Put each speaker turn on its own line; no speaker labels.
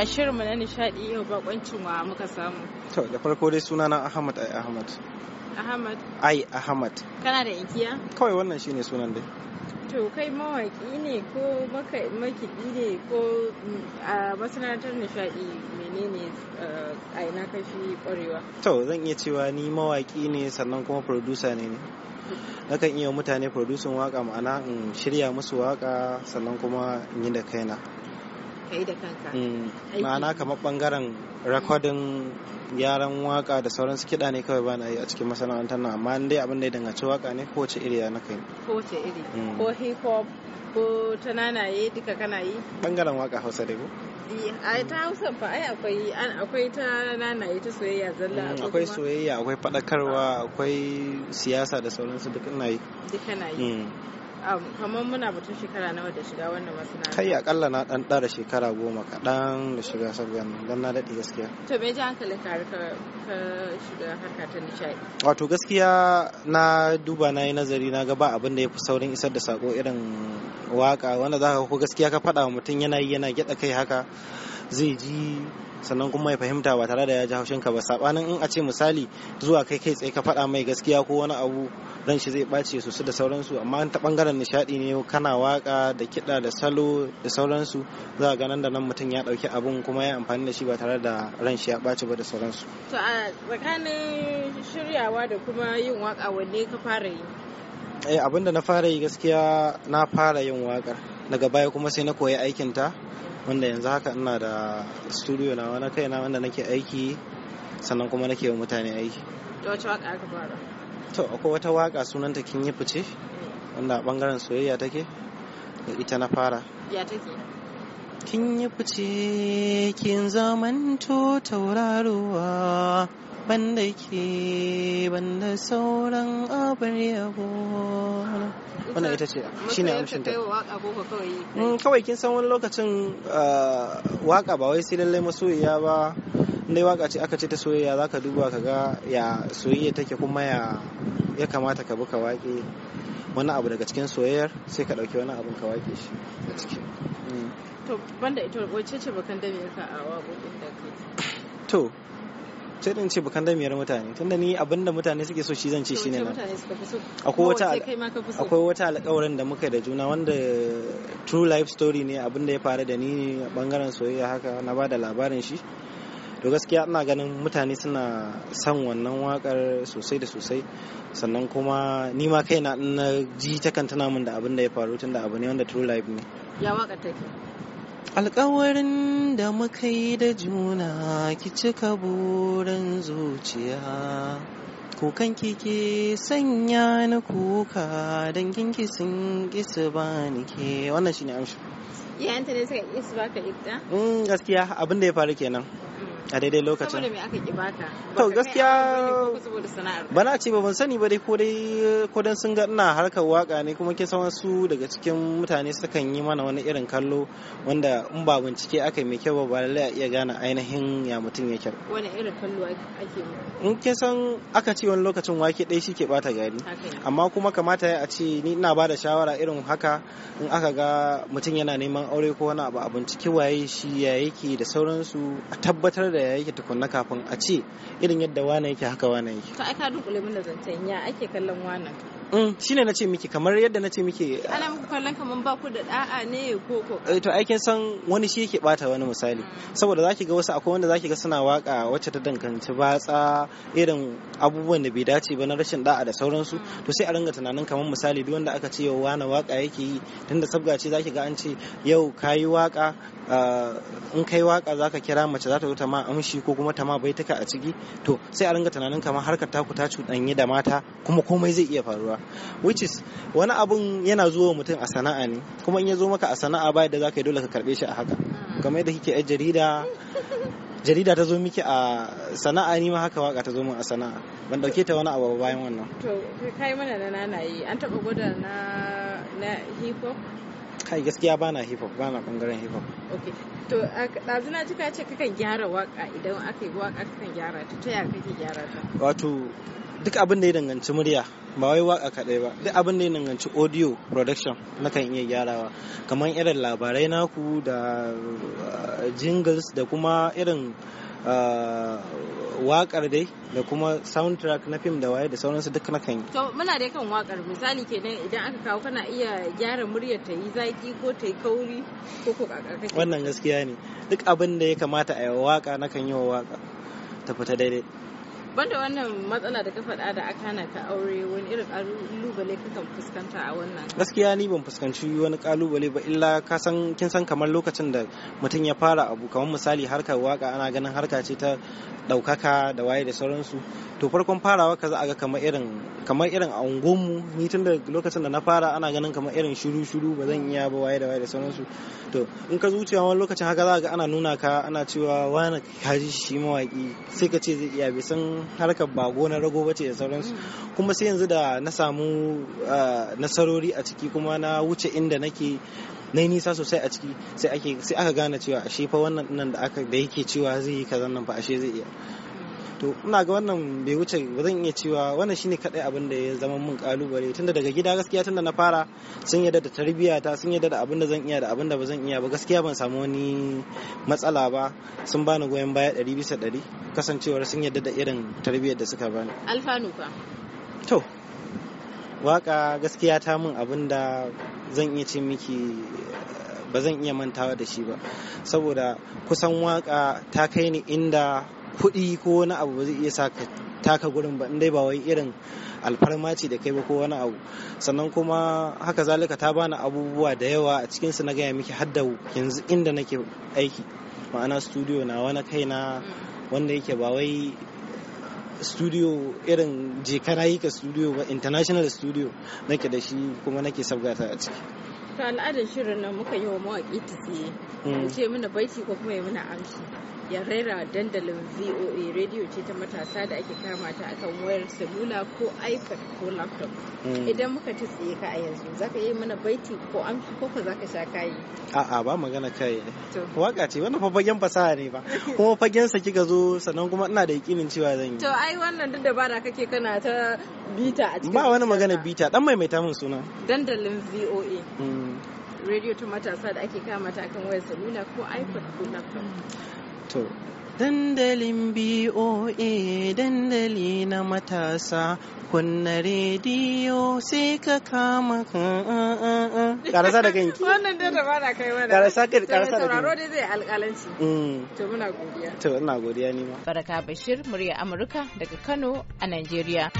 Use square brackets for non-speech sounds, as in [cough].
a shirinmu na nishadi yau bakoncin wa muka samu.
To da farko dai sunana Ahmad ai Ahmad. Ahmad. Ai Ahmad.
Kana da inkiya?
Kawai wannan shine sunan dai.
To kai mawaki ne ko makiɗi ne ko mm, a masana'antar nishadi menene eh, a ina kashi kwarewa?
To zan iya cewa ni mawaki ne sannan kuma producer ne ne. Nakan iya mutane producing waka ma'ana in shirya musu waka sannan kuma in yi da kaina.
kai da kanka
mm. ma'ana kamar bangaren rekodin yaran waka da sauran su kiɗa ne kawai ba na yi a cikin masana'antar nan amma dai abin da ya danganci waka ne ko wace iri na kai ko wace iri mm. ko
hip hop ko ta nanaye duka kana yi
bangaren waka hausa dai ko
eh, a ta hausa fa ai akwai akwai ta nanaye ta soyayya zalla mm, akwai
soyayya akwai fadakarwa akwai siyasa da sauransu duk ina yi duka na yi
kamar muna batun shekara nawa da shiga wannan masana'anta kai
akalla na dan da shekara goma kaɗan da shiga sabgan dan na daɗe gaskiya
to me ji hankali ka ka shiga harka ta nishaɗi
wato gaskiya na duba na yi nazari na ga ba abin da ya fi saurin isar da sako irin waka wanda za ka ko gaskiya ka faɗa wa mutum yana yi yana gyaɗa kai haka zai ji sannan kuma ya fahimta ba tare da ya ji haushinka ba sabanin in a ce misali zuwa kai kai tsaye ka faɗa mai gaskiya ko wani abu ran shi zai ɓace su da sauransu amma ta ɓangaren nishaɗi ne kana waka da kiɗa da salo da sauransu za ga nan da nan mutum ya ɗauki abun kuma ya amfani da shi ba tare da ran shi ya ɓace ba da sauransu.
to a tsakanin shiryawa da kuma yin waka wanne ka fara yi.
eh abin da na fara yi gaskiya na fara yin wakar daga baya kuma sai na koyi aikin ta wanda yanzu haka ina da studio na wani kaina wanda nake aiki sannan kuma nake wa mutane aiki.
Da wace waka aka fara?
to akwai wata waka sunanta kin yi fice wanda a bangaren soyayya take da ita na fara ya take kin yi fice kin zamanto tauraruwa banda ke banda sauran abin yabo wannan ita ce shi ne amshin ta mm, kawai kin san wani lokacin ah, waka ba wai sai lallai masoyiya ba dai waka ce aka ce ta soyayya za ka duba ka ga ya soyayya take kuma ya ya kamata ka buka waƙe wani abu daga cikin soyayyar sai ka ɗauki wani abin ka waƙe shi a ciki mm.
to banda ita wace ce bakan damiyar ka a waƙoƙin da kai
to ce din ce bakan damiyar mutane tunda ni abin da mutane suke so shi zan ce shine nan akwai wata akwai wata alƙawarin da muka da juna wanda true life story ne abin da ya faru da ni bangaren soyayya haka na bada labarin shi to gaskiya ina ganin mutane suna son wannan wakar sosai da sosai sannan kuma ni ma kaina na ji takan tana min da abin da ya faru tun da abu ne wanda true life ne
ya wakar take
alkawarin da muka yi da juna ki cika burin zuciya kukan kike sanya na kuka don ki sun kisa ba ni ke wannan shine amshi
yayanta ne suka kisa ba ka ita
mm, gaskiya abin da ya faru kenan a daidai lokacin saboda
me aka to gaskiya
ba na ce ba ban sani ba dai ko dai ko dan sun ga ina harkar waka ne kuma kin san wasu daga cikin mutane sukan yi mana wani irin kallo wanda in ba bincike aka mai kyau ba ba lallai a iya gane ainihin ya mutum ya kyau
wani irin kallo ake
in kin san aka ce wani lokacin wake dai shi ke bata gari amma kuma kamata a ce ni ina ba da shawara irin haka in aka ga mutum yana neman aure ko wani abu a bincike waye shi ya yake da sauransu a tabbatar da ya yake tukunna kafin a ce irin yadda wane yake haka wane yake.
To ai ka dunkule mana zancen ya ake kallon wannan.
Mm, shine na ce miki kamar yadda na ce miki uh,
ana muku kallon kamar ba ku da da'a ne ko ko
eh, to aikin san wani shi yake bata wani misali mm. saboda zaki ga wasu akwai wanda zaki ga suna waka wacce ta danganci batsa irin abubuwan da bai dace ba na rashin da'a da sauransu mm. to sai a ringa tunanin kamar misali duk wanda aka ce yau wani waka yake yi tunda sabga ce zaki ga an ce yau kayi waka uh, in kai waka zaka kira mace za ta zo ma amshi ko kuma ta ma baituka a ciki to sai a ringa tunanin kamar harkar taku ta cuɗanye da mata kuma komai zai iya faruwa which is wani abun yana zuwa mutum a sana'a ne kuma in ya zo maka a sana'a ba da zaka yi dole ka karbe shi a haka kamar yadda kike yar jarida jarida ta zo miki a sana'a ni ma haka waka ta zo min a sana'a ban dauke ta wani abu bayan wannan
to kai mana da yi an taba gwada na na hip hop
kai gaskiya bana hip hop bana bangaren hip hop
okay to ɗazu na cika ce kakan gyara waka idan aka yi waka kakan gyara ta ta ya kake gyara ta
wato duk abin da ya danganci murya ba wai waka kadai ba duk abin da ya danganci audio production na kan iya gyarawa kamar irin labarai naku da uh, jingles da kuma irin uh, wakar dai da kuma soundtrack na fim da waye da sauransu duk na kan yi.
To muna dai kan wakar misali kenan idan aka kawo kana iya gyara muryar ta yi zaki ko ta yi kauri ko ko Wannan
gaskiya ne duk abin da ya kamata a yi waka na kan yi wa waka ta fita daidai.
banda wannan matsala da ka faɗa da aka hana ka aure wani irin kalubale kuka fuskanta a wannan
gaskiya ni ban fuskanci wani kalubale ba illa ka san kin san kamar lokacin da mutum ya fara abu kamar misali harkar waka ana ganin harka ce ta ɗaukaka da waye da sauransu to farkon farawa ka za a ga kamar irin kamar irin a unguwanmu ni tun da lokacin da na fara ana ganin kamar irin shiru shiru ba zan iya ba waye da waye da sauransu to in ka zuciya wani lokacin haka za a ga ana nuna ka ana cewa wani kaji shi mawaki sai ka ce zai iya bai san harkar ba gonar rago bace da sauransu kuma sai yanzu da na samu nasarori a ciki kuma na wuce inda nake na yi nisa sosai a ciki sai aka gane cewa ashe fa wannan nan da yake cewa zai yi kazan nan fa ashe zai iya to ina ga wannan bai wuce ba zan iya cewa wannan shine kadai abin da ya zama mun kalubale tunda daga gida gaskiya tunda na fara sun yadda da tarbiyya ta sun yadda da abin da zan iya da abin da ba zan iya ba gaskiya ban samu wani matsala ba sun bani goyon baya ɗari bisa ɗari kasancewar sun yadda da irin tarbiyyar da suka bani alfanu fa to waka gaskiya ta mun abin da zan iya ce miki ba zan iya mantawa da shi ba saboda kusan waka ta kai ni inda kuɗi ko wani abu ba zai iya sa ka taka gurin ba dai ba wai irin alfarma ce da kai ba ko wani abu sannan kuma haka zalika ta bani abubuwa da yawa a cikinsu na gaya miki da yanzu inda nake aiki ma'ana studio na wani kaina wanda yake ba wai studio irin je kana yi ka studio ba international studio nake da shi kuma nake sabgata a ciki
ta al'adar shirin nan muka yi wa mawaƙi ta tsaye hmm. ce mana baiti ko kuma ya mana amshi ya rera dandalin VOA radio ce ta matasa da ake kama ta akan wayar salula ko iPad ko laptop. Mm. Idan muka ta tsaye ka a yanzu za ka yi mana baiti ko amshi ko ka za ka sha kayi.
A'a ba magana kayi ne. Waka ce wannan fa fagen fasaha ne ba. Kuma fagen sa kika zo sannan kuma ina da yakinin cewa zan yi. To
ai wannan duk dabara kake kana ta bita a cikin. Ba
wani magana bita dan maimaita min suna.
Dandalin VOA. Mm. Radio ta matasa da ake kama ta akan wayar salula ko iPad ko laptop. Mm.
To. Dandalin BOA dandali na matasa kunna rediyo sai ka kama karasa da ganki [laughs] wannan
da ba na kai mana karasa ganki karasa da ganki zai alƙalanci mm. to muna godiya
to muna godiya ni ma
baraka bashir murya amurka daga kano a najeriya